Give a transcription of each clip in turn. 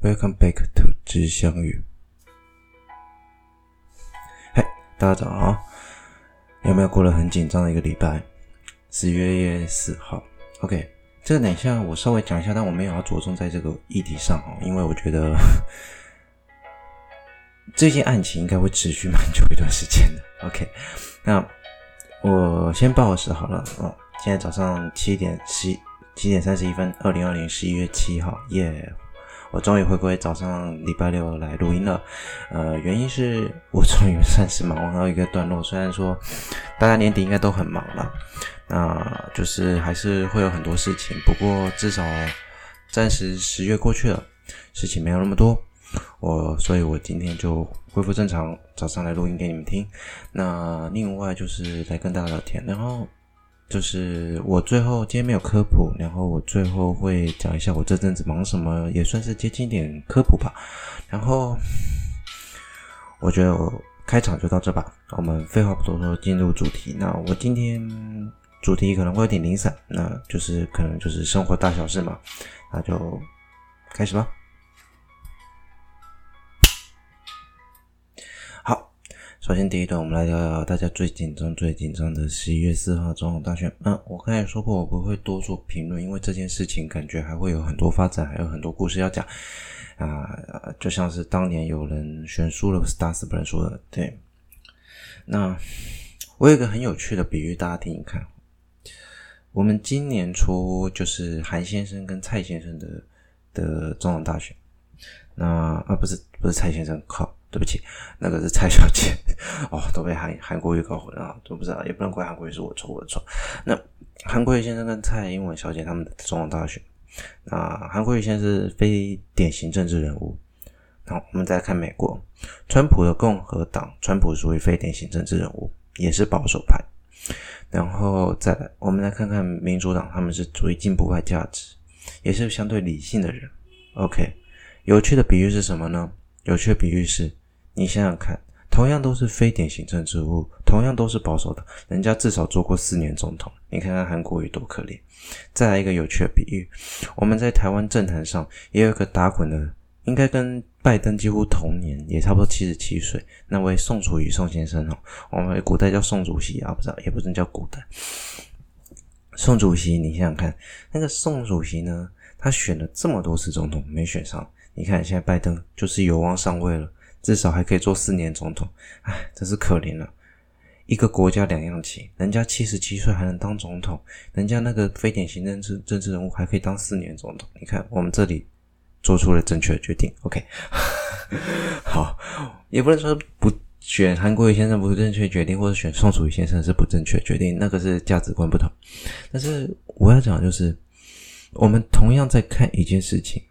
Welcome back to 知相遇。嘿、hey，大家早上好，哦！有沒有過了很緊張的一個禮拜？十一月四號，OK。這個等一下我稍微講一下，但我沒有要着重在這個議題上哦，因為我覺得呵呵最近案情應該會持續蠻久一段時間的。OK，那我先報個時好了，嗯、哦，現在早上七點七七點三十一分，二零二零十一月七號，耶！我終於回歸早上禮拜六來錄音了，呃，原因是，我終於算是忙完了一個段落。雖然說，大家年底應該都很忙了，那就是還是會有很多事情。不過至少暫時十月過去了，事情沒有那麼多。我，所以我今天就恢復正常，早上來錄音給你們聽。那另外就是來跟大家聊天，然後。就是我最後今天沒有科普，然後我最後會講一下我這陣子忙什麼，也算是接近一點科普吧。然後我覺得我開場就到這吧，我們廢話不多說，進入主題。那我今天主題可能會有點零散，那就是可能就是生活大小事嘛，那就開始吧。首先，第一段，我們來聊聊大家最緊張、最緊張的十一月四號總統大選。嗯，我剛才也說過，我不會多做評論，因為這件事情感覺還會有很多發展，還有很多故事要講。啊、呃呃，就像是當年有人選輸了，是大四本人說的，對。那我有一個很有趣的比喻，大家聽聽看。我們今年初就是韓先生跟蔡先生的的總統大選。那啊、呃，不是不是蔡先生靠。對不起，那個是蔡小姐哦，都被韓韓國瑜搞混了，啊，都不知道，也不能怪韓國瑜，是我錯，我錯。那韓國瑜先生跟蔡英文小姐他們的總統大選，那韓國瑜先生是非典型政治人物。然後我們再來看美國，川普的共和黨，川普屬於非典型政治人物，也是保守派。然後再來，我們來看看民主黨，他們是屬於進步派價值，也是相對理性的人。OK，有趣的比喻是什麼呢？有趣的比喻是。你想想看，同樣都是非典型政治人物，同樣都是保守黨，人家至少做過四年總統。你看看韓國瑜多可憐。再來一個有趣的比喻，我們在台灣政壇上也有一個打滾的，應該跟拜登幾乎同年，也差不多七十七歲，那位宋楚瑜宋先生哦，我們古代叫宋主席啊，不知道也不能叫古代。宋主席，你想想看，那個宋主席呢，他選了這麼多次總統沒選上，你看現在拜登就是有望上位了。至少還可以做四年總統，哎，真是可憐了啊。一個國家兩樣情，人家七十七歲還能當總統，人家那個非典型政治政治人物還可以當四年總統。你看，我們這裡做出了正確的決定，OK。 好，也不能說不選韓國瑜先生不正確決定，或者選宋楚瑜先生是不正確決定，那個是價值觀不同。但是我要講的就是，我們同樣在看一件事情。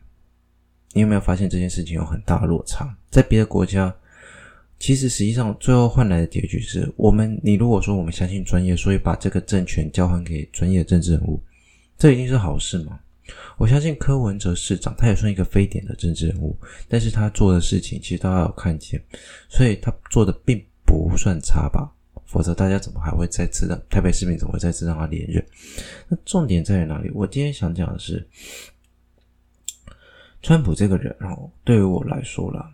你有沒有發現這件事情有很大的落差？在別的國家，其實實際上最後換來的結局是我們，你如果說我們相信專業，所以把這個政權交還給專業的政治人物，這一定是好事嗎？我相信柯文哲市長，他也算一個非典的政治人物，但是他做的事情其實大家有看見，所以他做的並不算差吧？否則大家怎麼還會再次讓台北市民，怎麼會再次讓他連任？那重點在於哪裡？我今天想講的是。川普這個人哦，對於我來說啦，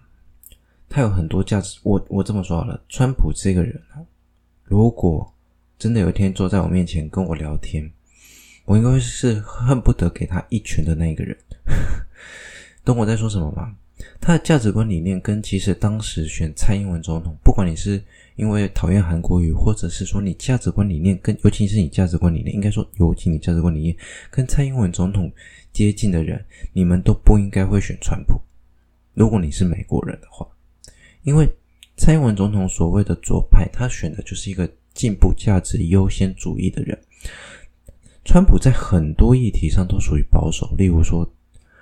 他有很多價值。我我這麼說好了，川普這個人如果真的有一天坐在我面前跟我聊天，我應該會是恨不得給他一拳的那一個人。懂 我在說什麼嗎？他的價值觀理念跟其實當時選蔡英文總統，不管你是因為討厭韓國瑜，或者是說你價值觀理念跟，尤其是你價值觀理念，應該說尤其你價值觀理念跟蔡英文總統。接近的人，你們都不應該會選川普。如果你是美國人的話，因為蔡英文總統所謂的左派，他選的就是一個進步價值優先主義的人。川普在很多議題上都屬於保守，例如說，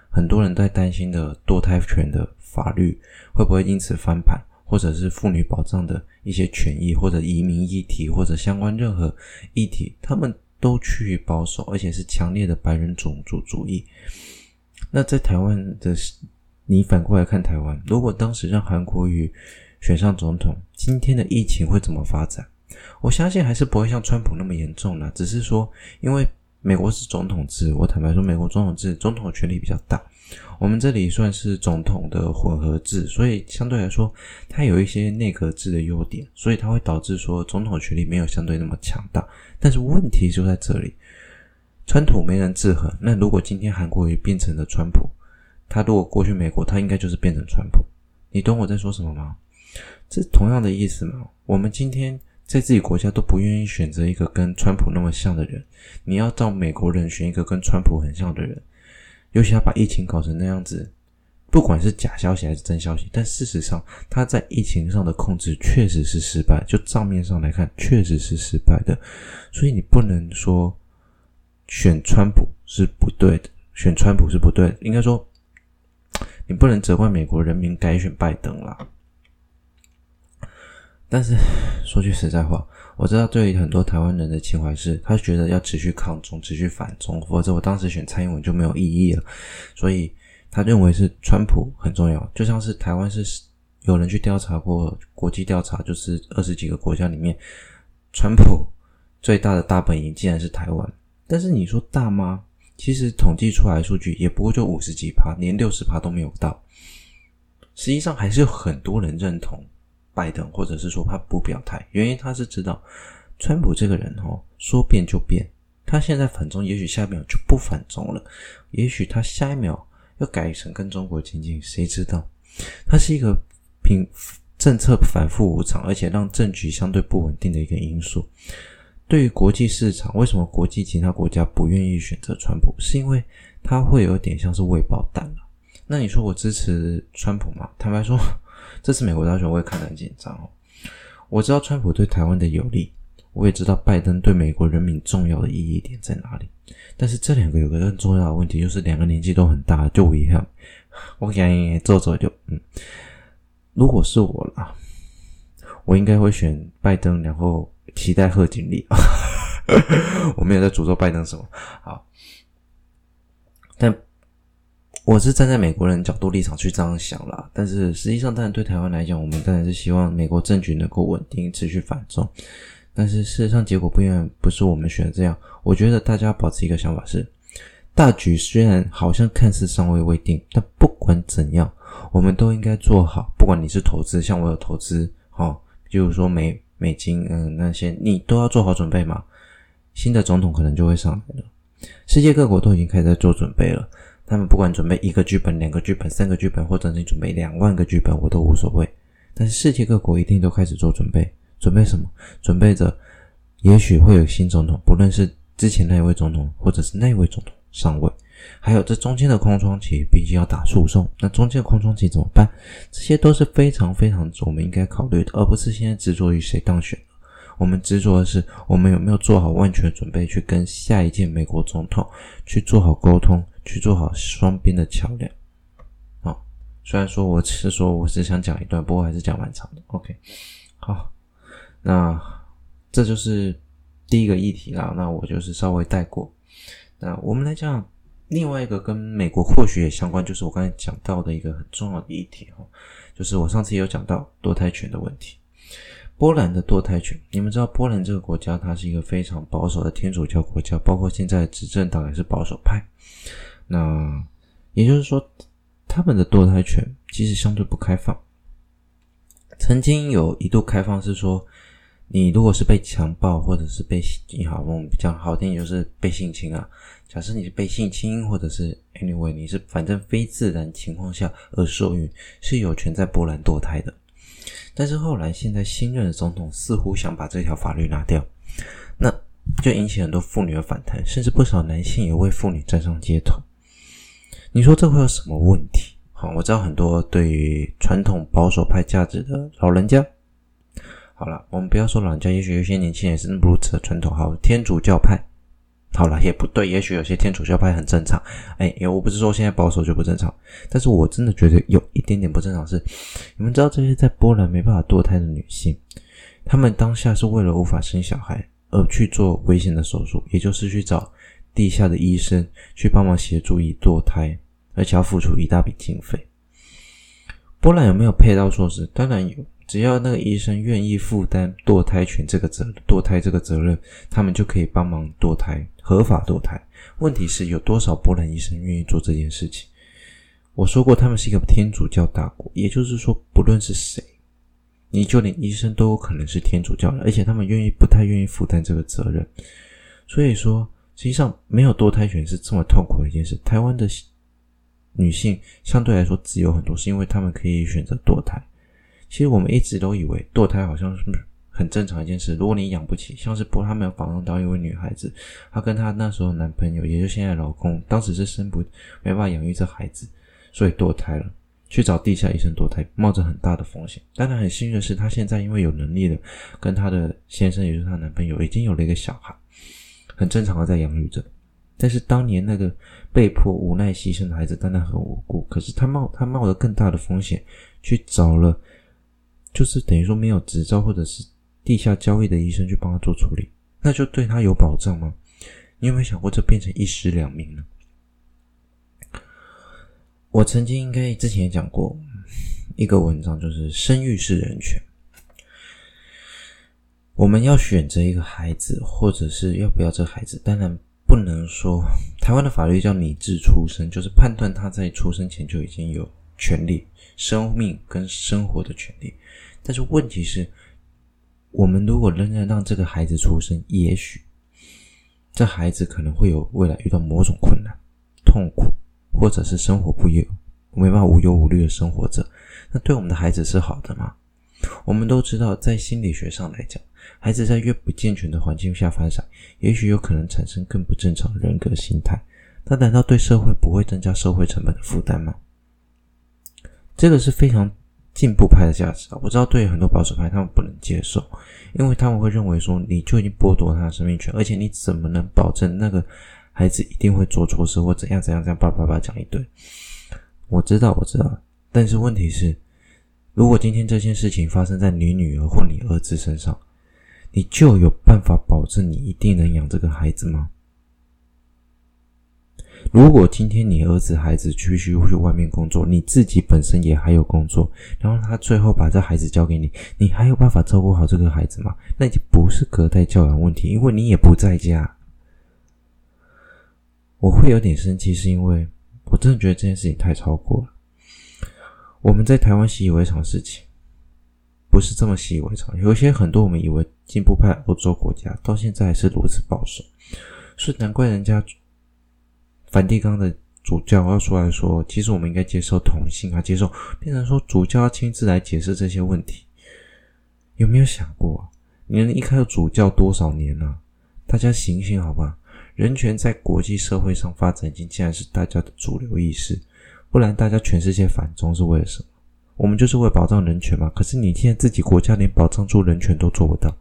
很多人在擔心的墮胎權的法律會不會因此翻盤，或者是婦女保障的一些權益，或者移民議題，或者相關任何議題，他們。都趨於保守，而且是強烈的白人種族主義。那在台灣的，你反過來看台灣，如果當時讓韓國瑜選上總統，今天的疫情會怎麼發展？我相信還是不會像川普那麼嚴重了啊，只是說，因為美國是總統制，我坦白說，美國總統制總統的權力比較大。我們這裡算是總統的混合制，所以相對來說，它有一些內閣制的優點，所以它會導致說總統權力沒有相對那麼強大。但是問題就在這裡，川普沒人制衡。那如果今天韓國瑜變成了川普，他如果過去美國，他應該就是變成川普。你懂我在說什麼嗎？這同樣的意思嘛。我們今天在自己國家都不願意選擇一個跟川普那麼像的人，你要照美國人選一個跟川普很像的人。尤其他把疫情搞成那樣子，不管是假消息還是真消息，但事實上他在疫情上的控制確實是失敗，就賬面上來看確實是失敗的，所以你不能說選川普是不對的，選川普是不對的，應該說你不能責怪美國人民改選拜登啦。但是說句實在話，我知道對於很多台灣人的情懷是，他覺得要持續抗中、持續反中，否則我當時選蔡英文就沒有意義了。所以他認為是川普很重要，就像是台灣是有人去調查過，國際調查就是二十幾個國家裡面，川普最大的大本營竟然是台灣。但是你說大嗎？其實統計出來數據也不過就五十幾趴，連六十趴都沒有到。實際上還是有很多人認同。拜登，或者是說他不表態，原因他是知道，川普這個人哦，說變就變，他現在反中，也許下一秒就不反中了，也許他下一秒要改成跟中國親近，誰知道？他是一個平政策反覆無常，而且讓政局相對不穩定的一個因素。對於國際市場，為什麼國際其他國家不願意選擇川普？是因為他會有點像是餵飽蛋未爆彈了。那你說我支持川普嗎？坦白說。這次美國大選我也看得很緊張哦。我知道川普對台灣的有利，我也知道拜登對美國人民重要的意義點在哪裡。但是這兩個有個更重要的問題，就是兩個年紀都很大，就不一樣。我講講做做就嗯，如果是我了，我應該會選拜登，然後期待賀錦麗。我沒有在詛咒拜登什麼，好。我是站在美國人角度立場去這樣想啦，但是實際上，當然對台灣來講，我們當然是希望美國政局能夠穩定、持續反中。但是事實上，結果不遠不是我們選這樣。我覺得大家保持一個想法是：大局雖然好像看似尚未未定，但不管怎樣，我們都應該做好。不管你是投資，像我有投資，好、哦，比如說美美金，嗯，那些你都要做好準備嘛。新的總統可能就會上來了，世界各國都已經開始在做準備了。他們不管準備一個劇本、兩個劇本、三個劇本，或者你準備兩萬個劇本，我都無所謂。但是世界各國一定都開始做準備，準備什麼？準備着，也許會有新總統，不論是之前那一位總統，或者是那位總統上位。還有這中間的空窗期，畢竟要打訴訟。那中間的空窗期怎麼辦？這些都是非常非常我們應該考慮的，而不是現在執着於誰當選了。我們執着的是，我們有沒有做好萬全準備去跟下一屆美國總統去做好溝通。去做好雙邊的橋樑，好、哦，雖然說我只是說我只想講一段，不過還是講蠻長的。OK，好，那這就是第一個議題啦。那我就是稍微帶過。那我們來講另外一個跟美國或許也相關，就是我剛才講到的一個很重要的議題哈，就是我上次也有講到墮胎權的問題。波蘭的墮胎權，你們知道波蘭這個國家，它是一個非常保守的天主教國家，包括現在執政黨也是保守派。那也就是說，他們的墮胎權其實相對不開放。曾經有一度開放是說，你如果是被強暴，或者是被你好我們比較好聽，也就是被性侵啊。假設你是被性侵，或者是 anyway 你是反正非自然情況下而受孕，是有權在波蘭墮胎的。但是後來現在新任的總統似乎想把這條法律拿掉，那就引起很多婦女的反彈，甚至不少男性也為婦女站上街頭。你說這會有什麼問題？好，我知道很多對於傳統保守派價值的老人家。好了，我們不要說老人家，也許有些年輕人是那麼如此的傳統。好，天主教派。好了，也不對，也許有些天主教派很正常。哎，我不是說現在保守就不正常，但是我真的覺得有一點點不正常的是，你們知道這些在波蘭沒辦法墮胎的女性，她們當下是為了無法生小孩而去做危險的手術，也就是去找。地下的醫生去幫忙協助以墮胎，而且要付出一大筆經費。波蘭有沒有配套措施？當然有，只要那個醫生願意負擔墮胎權這個責，墮胎這個責任，他們就可以幫忙墮胎，合法墮胎。問題是有多少波蘭醫生願意做這件事情？我說過，他們是一個天主教大國，也就是說，不論是誰，你就連醫生都有可能是天主教人，而且他們願意，不太願意負擔這個責任，所以說。實際上，沒有墮胎權是這麼痛苦的一件事。台灣的女性相對來說自由很多，是因為她們可以選擇墮胎。其實我們一直都以為墮胎好像是很正常一件事。如果你養不起，像是不，她們訪問到一位女孩子，她跟她那時候男朋友，也就是現在老公，當時是生不，沒辦法養育這孩子，所以墮胎了，去找地下醫生墮胎，冒着很大的風險。但她很幸運的是，她現在因為有能力了，跟她的先生，也就是她男朋友，已經有了一個小孩。很正常的在養育着，但是當年那個被迫無奈犧牲的孩子，當然很無辜。可是他冒他冒着更大的風險，去找了，就是等於說沒有執照或者是地下交易的醫生去幫他做處理，那就對他有保障嗎？你有沒有想過這變成一屍兩命呢？我曾經應該之前也講過一個文章，就是生育是人權。我們要選擇一個孩子，或者是要不要這孩子？當然不能說台灣的法律叫“擬制出生”，就是判斷他在出生前就已經有權利、生命跟生活的權利。但是問題是，我們如果仍然讓這個孩子出生，也許這孩子可能會有未來遇到某種困難、痛苦，或者是生活不易，沒辦法無憂無慮的生活着。那對我們的孩子是好的嗎？我們都知道，在心理學上來講，孩子在越不健全的環境下發展，也許有可能產生更不正常的人格的心態。他難道對社會不會增加社會成本的負擔嗎？這個是非常進步派的價值啊！我知道對於很多保守派他們不能接受，因為他們會認為說你就已經剝奪他的生命權，而且你怎麼能保證那個孩子一定會做錯事或怎樣怎樣，這樣叭叭叭講一堆。我知道，我知道，但是問題是，如果今天這件事情發生在你女兒或你兒子身上。你就有辦法保證你一定能養這個孩子嗎？如果今天你兒子孩子繼續去外面工作，你自己本身也還有工作，然後他最後把這孩子交給你，你還有辦法照顧好這個孩子嗎？那就不是隔代教養問題，因為你也不在家。我會有點生氣，是因為我真的覺得這件事情太超過了，我們在台灣習以為常的事情。不是這麼習以為常，有一些很多我們以為進步派歐洲國家到現在還是如此保守，所以難怪人家梵蒂岡的主教要出來說，其實我們應該接受同性啊，接受，變成說主教要親自來解釋這些問題，有沒有想過，啊？你能依靠主教多少年了？大家醒醒好吧！人權在國際社會上發展已經竟然是大家的主流意識，不然大家全世界反中是為了什麼？我們就是為了保障人權嘛。可是你現在自己國家連保障住人權都做不到，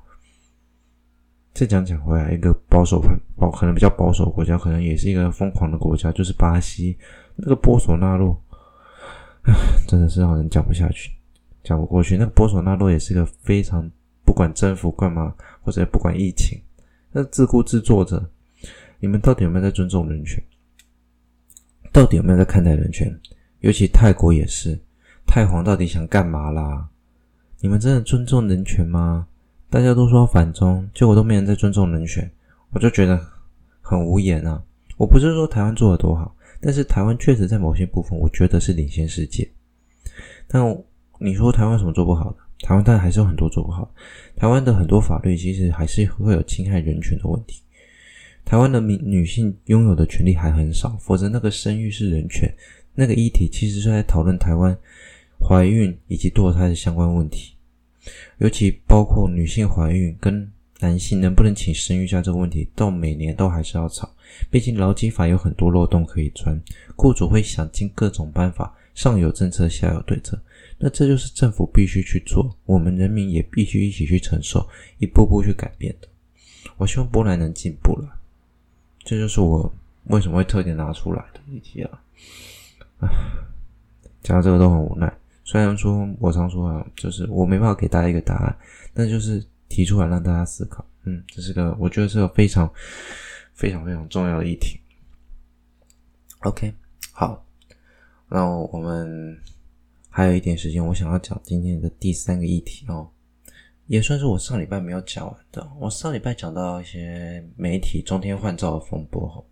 再講講回來，一個保守派、保可能比較保守國家，可能也是一個瘋狂的國家，就是巴西那個波索納洛，唉，真的是讓人講不下去，講不過去。那個波索納洛也是一個非常不管政府幹嘛，或者也不管疫情，那自顧自作着。你們到底有沒有在尊重人權？到底有沒有在看待人權？尤其泰國也是。太皇到底想幹嘛啦？你們真的尊重人權嗎？大家都說反中，結果都沒人在尊重人權，我就覺得很無言啊。我不是說台灣做的多好，但是台灣確實在某些部分，我覺得是領先世界。但你說台灣什麼做不好的？台灣當然還是有很多做不好。台灣的很多法律其實還是會有侵害人權的問題。台灣的民女性擁有的權利還很少，否則那個生育是人權，那個議題其實是在討論台灣懷孕以及墮胎的相關問題，尤其包括女性懷孕跟男性能不能請生育假這個問題，到每年都還是要吵。畢竟勞基法有很多漏洞可以鑽，雇主會想盡各種辦法，上有政策，下有對策。那這就是政府必須去做，我們人民也必須一起去承受，一步步去改變的。我希望波蘭能進步了，這就是我為什麼會特地拿出來的議題啊，講到這個都很無奈。雖然說，我常說啊，就是我沒辦法給大家一個答案，但就是提出來讓大家思考。嗯，這是個我覺得是個非常、非常、非常重要的議題。OK，好，那我們還有一點時間，我想要講今天的第三個議題哦，也算是我上禮拜沒有講完的。我上禮拜講到一些媒體中天換照的風波，哦。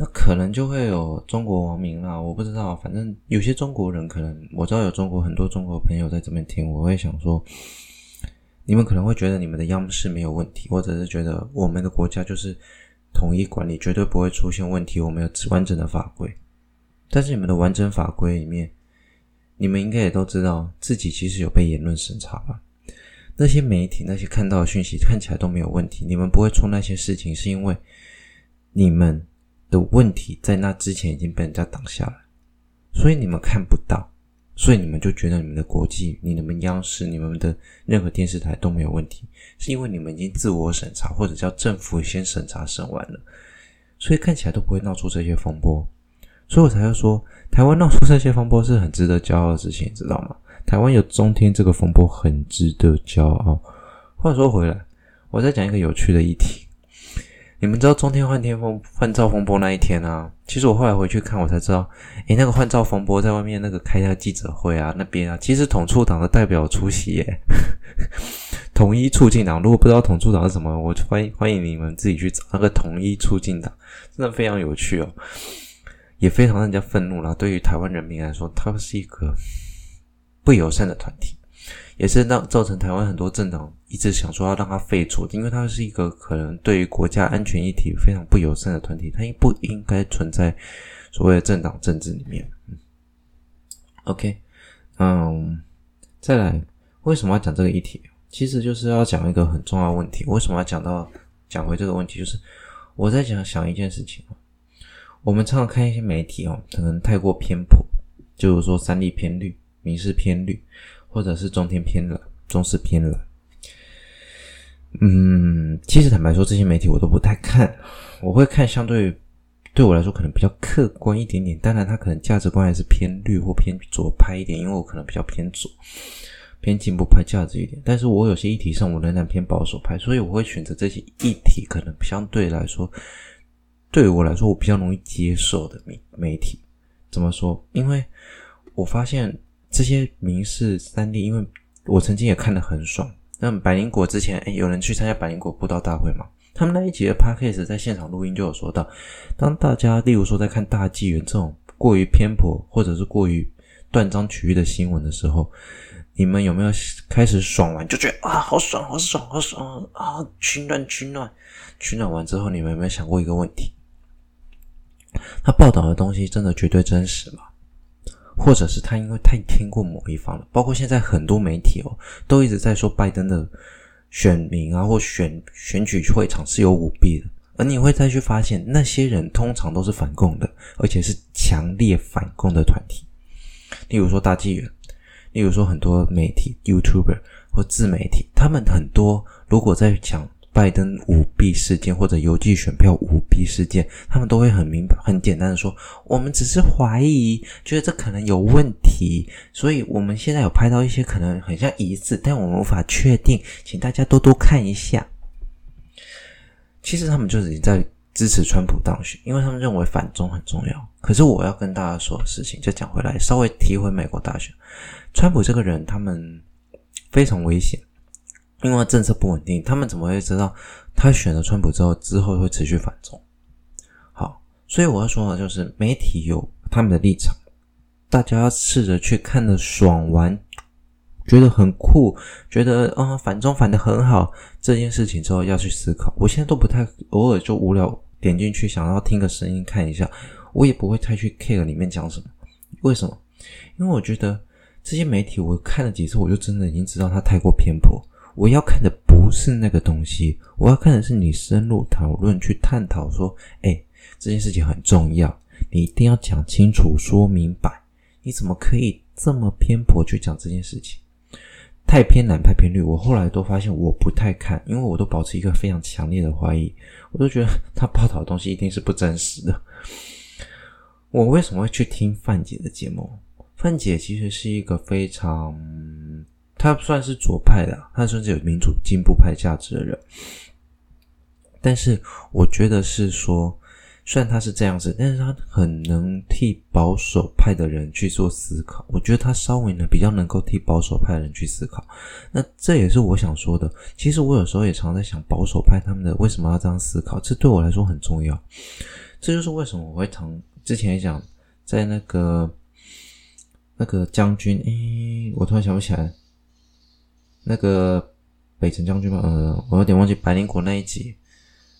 那可能就會有中國網民啦，啊，我不知道，反正有些中國人可能我知道有中國很多中國朋友在這邊聽，我會想說，你們可能會覺得你們的央視沒有問題，或者是覺得我們的國家就是統一管理，絕對不會出現問題，我們有完整的法規。但是你們的完整法規裡面，你們應該也都知道自己其實有被言論審查吧？那些媒體那些看到的訊息看起來都沒有問題，你們不會出那些事情是因為你們。的問題在那之前已經被人家擋下來，所以你們看不到，所以你們就覺得你們的國際、你們的央視、你們的任何電視台都沒有問題，是因為你們已經自我審查或者叫政府先審查審完了，所以看起來都不會鬧出這些風波。所以我才會說，台灣鬧出這些風波是很值得驕傲的事情，你知道嗎？台灣有中天這個風波很值得驕傲。話說回來，我再講一個有趣的議題。你們知道中天換天風換照風波那一天啊？其實我後來回去看，我才知道，哎，那個換照風波在外面那個開一下記者會啊，那邊啊，其實統促黨的代表出席耶。 統一促進黨，如果不知道統促黨是什麼，我就歡迎歡迎你們自己去找那個統一促進黨，真的非常有趣哦，也非常讓人家憤怒啦、啊，對於台灣人民來說，他們是一個不友善的團體。也是讓造成台灣很多政黨一直想說要讓他廢除，因為他是一個可能對於國家安全議題非常不友善的團體，他應不應該存在所謂的政黨政治裡面？OK，嗯，再來，為什麼要講這個議題？其實就是要講一個很重要的問題，為什麼要講到，講回這個問題？就是我在想想一件事情，我們常常看一些媒體哦，可能太過偏頗，就是說三立偏綠，民視偏綠。或者是中天偏藍，中視偏藍。嗯，其實坦白說，這些媒體我都不太看。我會看相對對我來說可能比較客觀一點點，當然它可能價值觀還是偏綠或偏左派一點，因為我可能比較偏左，偏進步派價值一點。但是我有些議題上，我仍然偏保守派，所以我會選擇這些議題可能相對來說，對於我來說我比較容易接受的媒媒體。怎麼說？因為我發現。這些名士三弟，因為我曾經也看得很爽。那百靈果之前，哎，有人去參加百靈果布道大會嘛？他們那一集的 podcast 在現場錄音就有說到，當大家例如說在看大紀元這種過於偏頗或者是過於斷章取義的新聞的時候，你們有沒有開始爽完就覺得啊，好爽，好爽，好爽，好爽啊！取暖，取暖，取暖完之後，你們有沒有想過一個問題？他報道的東西真的絕對真實嗎？或者是他因為太聽過某一方了，包括現在很多媒體哦，都一直在說拜登的選民啊，或選選舉會場是有舞弊的，而你會再去發現那些人通常都是反共的，而且是強烈反共的團體，例如說大紀元，例如說很多媒體、YouTuber 或自媒體，他們很多如果在講拜登舞弊事件或者郵寄選票舞弊事件，他們都會很明白，很簡單的說，我們只是懷疑，覺得這可能有問題，所以我們現在有拍到一些可能很像疑似，但我們無法確定，請大家多多看一下。其實他們就已經在支持川普當選，因為他們認為反中很重要。可是我要跟大家說的事情，就講回來，稍微提回美國大選，川普這個人，他們非常危險。因為政策不穩定，他們怎麼會知道他選了川普之後，之後會持續反中？好，所以我要說的就是，媒體有他們的立場，大家要試着去看的爽完，覺得很酷，覺得啊、嗯、反中反的很好，這件事情之後要去思考。我現在都不太偶爾就無聊點進去，想要聽個聲音看一下，我也不會太去 care 裡面講什麼。為什麼？因為我覺得這些媒體我看了幾次，我就真的已經知道它太過偏頗。我要看的不是那個東西，我要看的是你深入討論、去探討說，誒，這件事情很重要，你一定要講清楚、說明白，你怎麼可以這麼偏頗去講這件事情？太偏藍、太偏綠，我後來都發現我不太看，因為我都保持一個非常強烈的懷疑，我都覺得他報道的東西一定是不真實的。我為什麼會去聽范姐的節目？范姐其實是一個非常……他算是左派的，啊，他算是有民主進步派價值的人，但是我覺得是說，雖然他是這樣子，但是他很能替保守派的人去做思考。我覺得他稍微呢比較能夠替保守派的人去思考。那這也是我想說的。其實我有時候也常在想，保守派他們的為什麼要這樣思考？這對我來說很重要。這就是為什麼我會常之前也講在那個那個將軍，誒、嗯，我突然想不起來。那個北辰將軍吧？呃，我有點忘記白靈國那一集，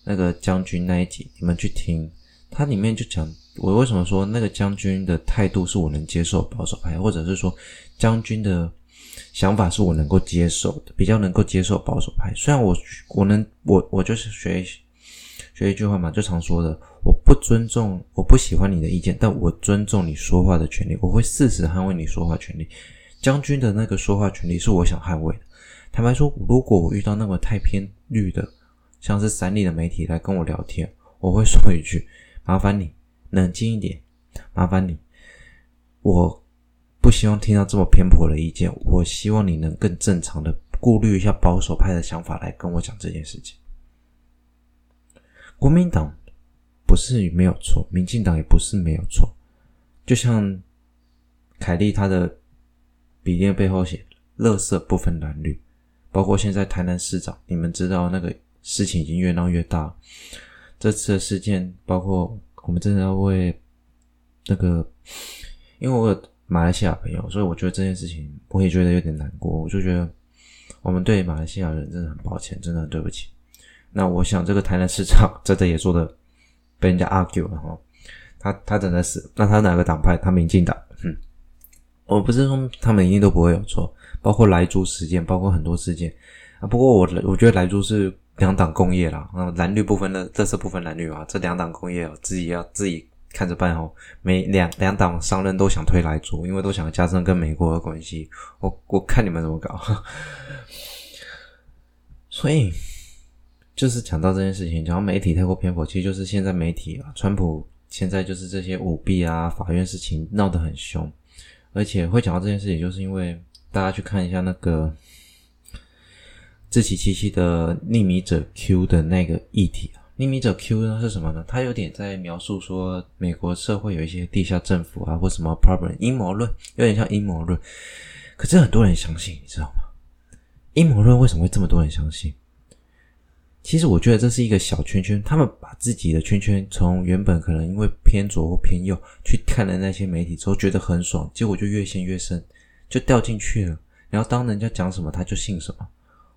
那個將軍那一集，你們去聽，它裡面就講我為什麼說那個將軍的態度是我能接受保守派，或者是說將軍的想法是我能夠接受的，比較能夠接受保守派。雖然我我能我我就是學學一句話嘛，就常說的，我不尊重，我不喜歡你的意見，但我尊重你說話的權利，我會誓死捍衛你說話權利。將軍的那個說話權利是我想捍衛的。坦白說，如果我遇到那麼太偏綠的，像是三立的媒體來跟我聊天，我會說一句：“麻煩你冷靜一點，麻煩你，我不希望聽到這麼偏頗的意見。我希望你能更正常的顧慮一下保守派的想法來跟我講這件事情。”國民黨不是沒有錯，民進黨也不是沒有錯。就像凱利她的筆電背後寫的“垃圾不分藍綠”。包括現在台南市長，你們知道那個事情已經越鬧越大。這次的事件，包括我們真的要為那個，因為我有馬來西亞朋友，所以我覺得這件事情我也覺得有點難過。我就覺得我們對馬來西亞人真的很抱歉，真的很對不起。那我想這個台南市長在這也做的被人家 argue 了哈，他他真的是，那他哪個黨派？他民進黨。嗯。我不是說他們一定都不會有錯。包括萊豬事件，包括很多事件啊。不過我，我覺得萊豬是兩黨共業啦。嗯、呃，藍綠不分的，這是不分藍綠啊，這兩黨共業，啊，自己要，啊、自己看着辦哦，啊。每兩兩黨商人都想推萊豬，因為都想加深跟美國的關係。我我看你們怎麼搞。 所以就是講到這件事情，講到媒體太過偏頗，其實就是現在媒體啊，川普現在就是這些舞弊啊，法院事情鬧得很凶，而且會講到這件事情，就是因為。大家去看一下那個志祺七七的《匿名者 Q》的那個議題啊，《匿名者 Q》呢是什麼呢？它有點在描述說美國社會有一些地下政府啊，或什麼 problem 陰謀論，有點像陰謀論。可是很多人相信，你知道嗎？陰謀論為什麼會這麼多人相信？其實我覺得這是一個小圈圈，他們把自己的圈圈從原本可能因為偏左或偏右去看了那些媒體之後覺得很爽，結果就越陷越深。就掉進去了，然後當人家講什麼他就信什麼，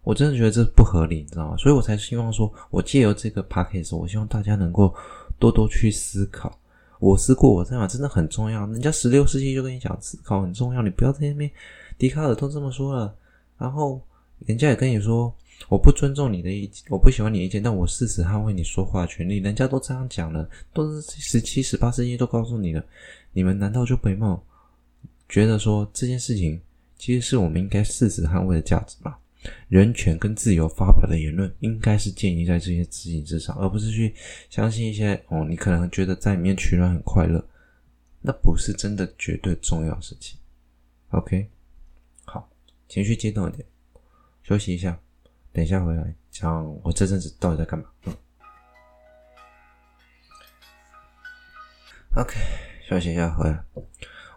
我真的覺得這不合理，你知道嗎？所以我才希望說，我借由這個 podcast 我希望大家能夠多多去思考。我思故我在，我這樣真的很重要。人家十六世紀就跟你講，思考很重要，你不要在那邊。笛卡爾都這麼說了，然後人家也跟你說，我不尊重你的意見，我不喜歡你的意見，但我誓死捍衛你說話的權利。人家都這樣講了，都是十七、十八世紀都告訴你了，你們難道就被夢？覺得說這件事情其實是我們應該誓死捍衛的價值嘛。人權跟自由，發表的言論應該是建立在這些事情之上，而不是去相信一些哦，你可能覺得在裡面取暖很快樂，那不是真的絕對重要的事情。OK，好，情緒激動一點，休息一下，等一下回來講我這陣子到底在幹嘛。嗯、OK，休息一下回來。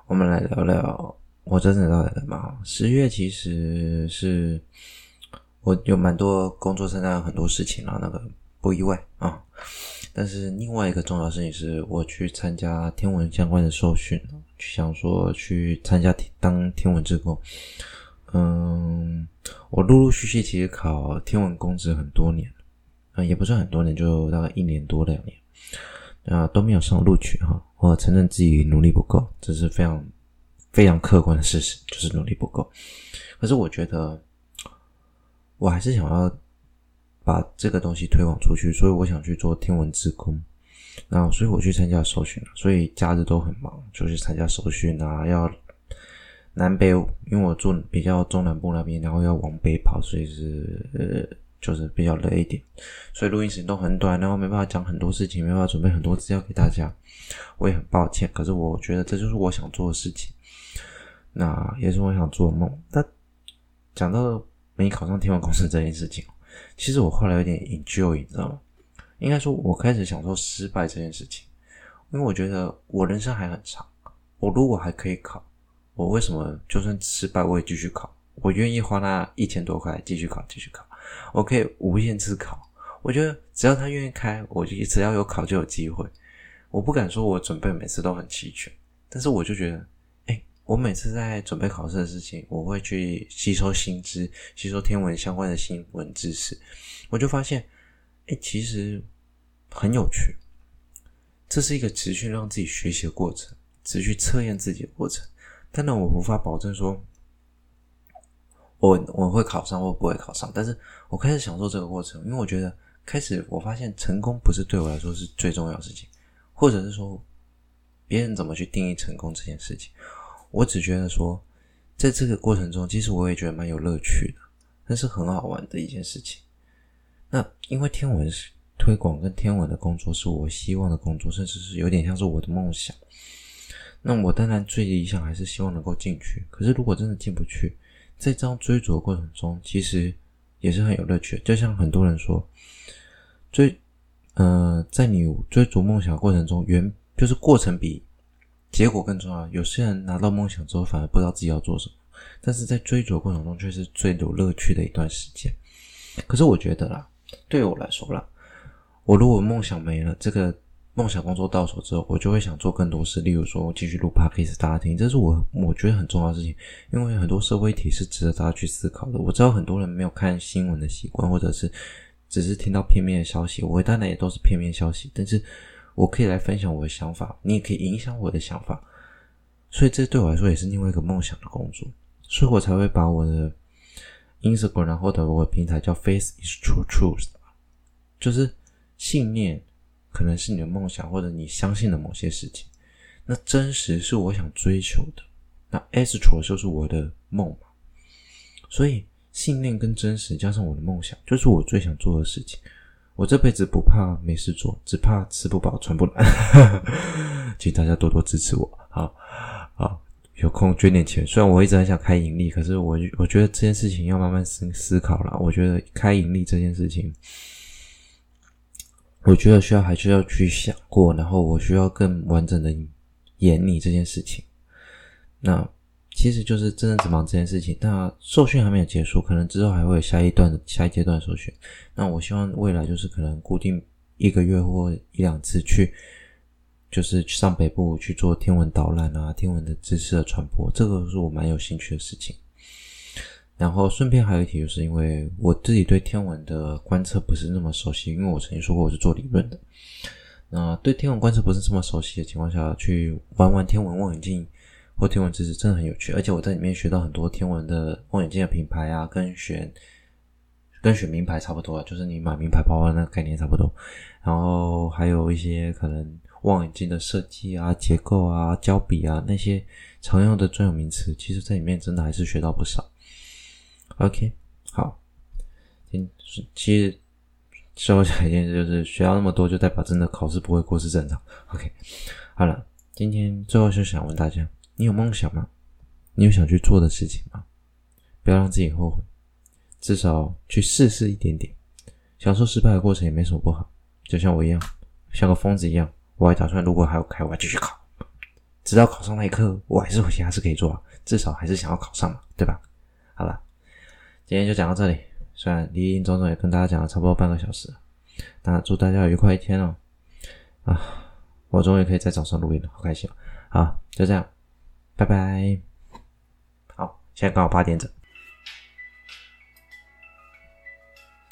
我們來聊聊我真正到來的嘛。十月其實是我有蠻多工作上的很多事情了、啊，那個不意外啊。但是另外一個重要的事情是我去參加天文相關的受訓，想說去參加天當天文公職。嗯，我陸陸續續其實考天文公職很多年嗯，也不算很多年，就大概一年多兩年。呃、啊，都沒有上錄取哈，我承認自己努力不夠，這是非常非常客觀的事實，就是努力不夠。可是我覺得我還是想要把這個東西推廣出去，所以我想去做天文志工。後、啊、所以我去參加受訓了，所以假日都很忙，就是參加受訓啊，要南北，因為我住比較中南部那邊，然後要往北跑，所以是。呃就是比較累一點，所以錄音時間都很短，然後沒辦法講很多事情，沒辦法準備很多資料給大家，我也很抱歉。可是我覺得這就是我想做的事情，那也是我想做的夢。但講到沒考上天文公司這件事情，其實我後來有點 enjoy，你知道嗎？應該說我開始享受失敗這件事情，因為我覺得我人生還很長，我如果還可以考，我為什麼就算失敗我也繼續考？我願意花那一千多塊來繼續考，繼續考。我可以無限次考，我覺得只要他願意開，我就只要有考就有機會。我不敢說我準備每次都很齊全，但是我就覺得，哎，我每次在準備考試的事情，我會去吸收新知，吸收天文相關的新聞知識，我就發現，哎，其實很有趣，這是一個持續讓自己學習的過程，持續測驗自己的過程。但呢，我無法保證說。我我會考上或不會考上，但是我開始享受這個過程，因為我覺得開始我發現成功不是對我來說是最重要的事情，或者是說別人怎麼去定義成功這件事情，我只覺得說在這個過程中，其實我也覺得蠻有樂趣的，那是很好玩的一件事情。那因為天文推廣跟天文的工作是我希望的工作，甚至是有點像是我的夢想。那我當然最理想還是希望能夠進去，可是如果真的進不去。在這樣追逐的過程中，其實也是很有樂趣的。就像很多人說，追，呃，在你追逐夢想的過程中，原就是過程比結果更重要。有些人拿到夢想之後，反而不知道自己要做什麼，但是在追逐的過程中，卻是最有樂趣的一段時間。可是我覺得啦，對於我來說啦，我如果夢想沒了，這個。夢想工作到手之後，我就會想做更多事，例如說我繼續錄 podcast，給大家聽，這是我我覺得很重要的事情，因為很多社會議題是值得大家去思考的。我知道很多人沒有看新聞的習慣，或者是只是聽到片面的消息，我當然也都是片面消息，但是我可以來分享我的想法，你也可以影響我的想法，所以這對我來說也是另外一個夢想的工作，所以我才會把我的 Instagram 或者我的平台叫 Faith Astro Trust，就是信念。可能是你的夢想，或者你相信的某些事情。那真實是我想追求的。那 Astro 就是我的夢嘛。所以信念跟真實加上我的夢想，就是我最想做的事情。我這輩子不怕沒事做，只怕吃不飽穿不暖。 請大家多多支持我。好，好，有空捐點錢。雖然我一直很想開盈利，可是我我覺得這件事情要慢慢思思考了。我覺得開盈利這件事情。我覺得需要還需要去想過，然後我需要更完整的演你這件事情。那其實就是真正只忙這件事情。那受訓還沒有結束，可能之後還會有下一段，下一階段受訓。那我希望未來就是可能固定一個月或一兩次去，就是上北部去做天文導覽啊，天文的知識的傳播，這個是我蠻有興趣的事情。然後順便還有一題，就是因為我自己對天文的觀測不是那麼熟悉，因為我曾經說過我是做理論的。那對天文觀測不是這麼熟悉的情況下，去玩玩天文望遠鏡或天文知識真的很有趣，而且我在裡面學到很多天文的望遠鏡的品牌啊，跟選跟選名牌差不多啊，就是你買名牌包包的那個概念差不多。然後還有一些可能望遠鏡的設計啊、結構啊、膠筆啊那些常用的專有名詞，其實在裡面真的還是學到不少。OK，好。今其實稍微講一件事，就是學到那麼多，就代表真的考試不會過是正常。OK，好了，今天最後就想問大家：你有夢想嗎？你有想去做的事情嗎？不要讓自己後悔，至少去試試一點點。享受失敗的過程也沒什麼不好。就像我一樣，像個瘋子一樣，我還打算如果還有開我還繼續考，直到考上那一刻，我還是我其他事可以做啊，至少還是想要考上嘛，對吧？好了。今天就講到這裡，雖然林林總總也跟大家講了差不多半個小時，那祝大家愉快一天哦！啊，我終於可以在早上錄音了，好開心。好，就這樣，拜拜。好，現在剛好八點整。